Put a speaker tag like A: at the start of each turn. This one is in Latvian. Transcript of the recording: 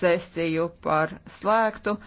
A: sesiju par slēgtu.